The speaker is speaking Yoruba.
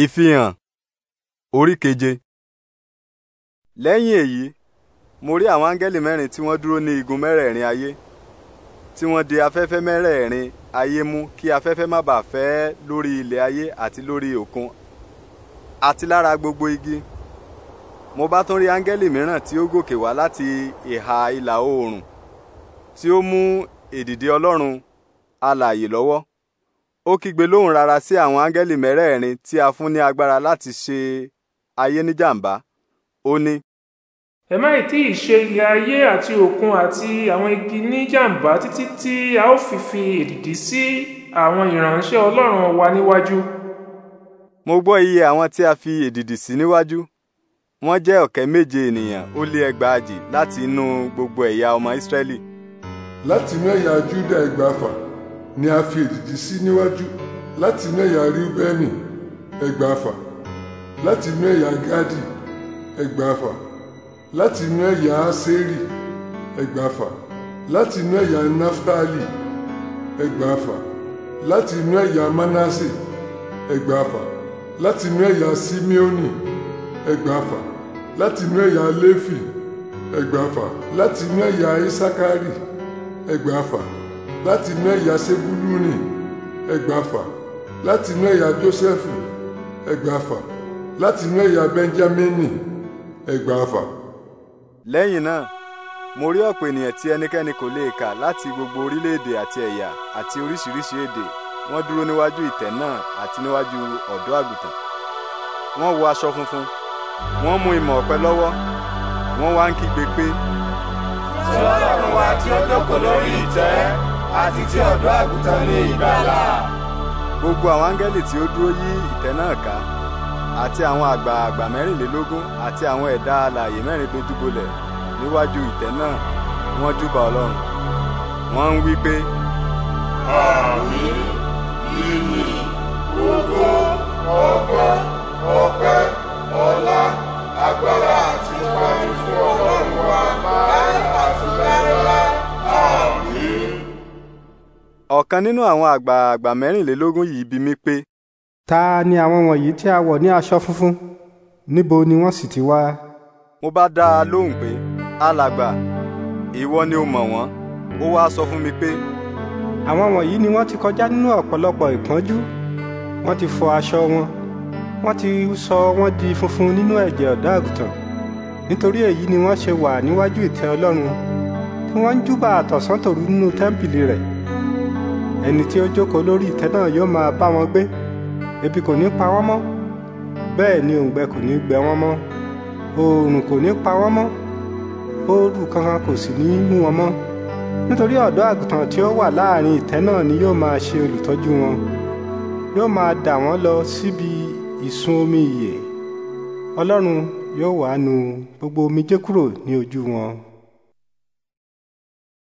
ìfihàn orí keje. lẹ́yìn èyí mo rí àwọn áńgẹ́lì mẹ́rin tí wọ́n dúró ní igun mẹ́rẹ̀ẹ̀rin ayé tí wọ́n di afẹ́fẹ́ mẹ́rẹ̀ẹ̀rin ayé mú kí afẹ́fẹ́ má bàa fẹ́ lórí ilẹ̀ ayé àti lórí òkun àti lára gbogbo igi mo bá tún rí áńgẹ́lì mìíràn tí ó gòkè wá láti ìhà ìlà oòrùn tí ó mú èdìdì ọlọ́run alààyè lọ́wọ́ ó kígbe lóhùn rara sí àwọn áńgẹ́lì mẹ́rẹ̀ẹ̀rin tí a fún ní agbára láti ṣe ayé níjàmbá ó ní. ẹ má tí ì ṣe ilẹ̀ ayé àti òkun àti àwọn igi níjàmbá títí tí a ó fi fi èdìdí sí àwọn ìránṣẹ́ ọlọ́run wa níwájú. mo gbọ́ iye àwọn tí a fi èdìdì sí níwájú wọ́n jẹ́ ọ̀kẹ́ méje ènìyàn ó lé ẹgbàajì láti inú gbogbo ẹ̀yà ọmọ ìsírẹ́lì. látinú ẹ̀yà júdà ẹgbàáfà ni a fi èdìdì sí níwájú láti inú ẹ̀yà rúbẹ́nì ẹgbàáfà láti inú ẹ̀yà gádì ẹgbàáfà láti inú ẹ̀yà aseri ẹgbàáfà láti inú ẹ̀yà naftali ẹgbàáfà láti inú ẹ̀yà manase ẹgbàáfà láti inú ẹ̀yà simeoni ẹgbàáfà láti inú ẹ̀yà lefi ẹgbàáfà láti inú ẹ̀yà isakari ẹgbàáfà láti inú ẹ̀yà sebuluni ẹgbàáfà láti inú ẹ̀yà jósẹ́fù ẹgbàáfà láti inú ẹ̀yà bẹ́ńjámínì ẹgbàáfà. lẹ́yìn náà mo rí ọ̀pọ̀ ènìyàn tí ẹnikẹ́ni kò lè kà láti gbogbo orílẹ̀-èdè àti ẹ̀yà àti oríṣiríṣi èdè wọ́n dúró níwájú ìtẹ́ náà àti níwájú ọ̀dọ́ àgùntàn wọ́n wọ aṣọ funfun wọ́n mú ìmọ̀ ọ̀pẹ lọ́wọ́ wọ́n wá ń kígbe pé. tí ọlọ́run wa tí ó dókòó lórí ìtẹ́ àti ti ọ̀dọ́ àgùntàn ní ìgbàlà. gbogbo àwọn áńgẹ́lì tí ó dúró yí ìtẹ́ náà ká àti àwọn àgbààgbà mẹ́rìnlélógún àti àwọn ẹ̀dá alààyè mẹ́rin dojúbolẹ̀ níwájú ìtẹ́ náà wọ́n júbà ọlọ́run wọ́n ń wí pé. àmín ìyìn. ọ̀kan nínú àwọn àgbààgbà mẹ́rìnlélógún yìí bi mí pé. ta ni àwọn wọ̀nyí tí a wọ̀ ní aṣọ funfun níbo ni wọ́n sì ti wá. mo bá dá a lóhùn pé alàgbà ìwọ ni o mọ̀ wọ́n ó wáá sọ fún mi pé. àwọn wọ̀nyí ni wọ́n ti kọjá nínú ọ̀pọ̀lọpọ̀ ìpọ́njú wọ́n ti fọ aṣọ wọn wọ́n ti sọ wọ́n di funfun nínú ẹ̀jẹ̀ ọ̀dọ́ nítorí èyí ni wọ́n ṣe wà níwájú ìtẹ́ ọlọ́run tí wọ́n ń júbà àtọ̀sán tòru nínú tẹ́ḿpìlì rẹ̀ ẹni tí ó jókòó lórí ìtẹ́ náà yóò máa bá wọn gbé ebi kò ní pa wọ́n mọ́ bẹ́ẹ̀ ni òǹgbẹ kò ní gbẹ wọ́n mọ́ oòrùn kò ní pa wọ́n mọ́ ooru kankan kò sì ní mú wọn mọ́ nítorí ọ̀dọ́ àgùntàn tí ó wà láàrin ìtẹ́ náà ni yóò máa ṣe olùtọ́jú wọn yóò máa dà wọ́n lọ síbi ìsun omi ìyè ọlọ́run yóò wá nu gbogbo omijé kúrò ní ojú wọn.